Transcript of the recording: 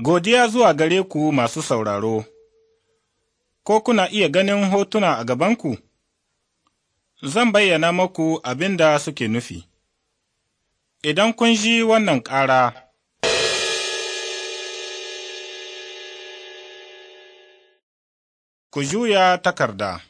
Godiya zuwa gare ku masu sauraro, ko kuna iya ganin hotuna a gabanku? Zan bayyana maku abin da suke nufi. Idan kun ji wannan ƙara, ku juya takarda.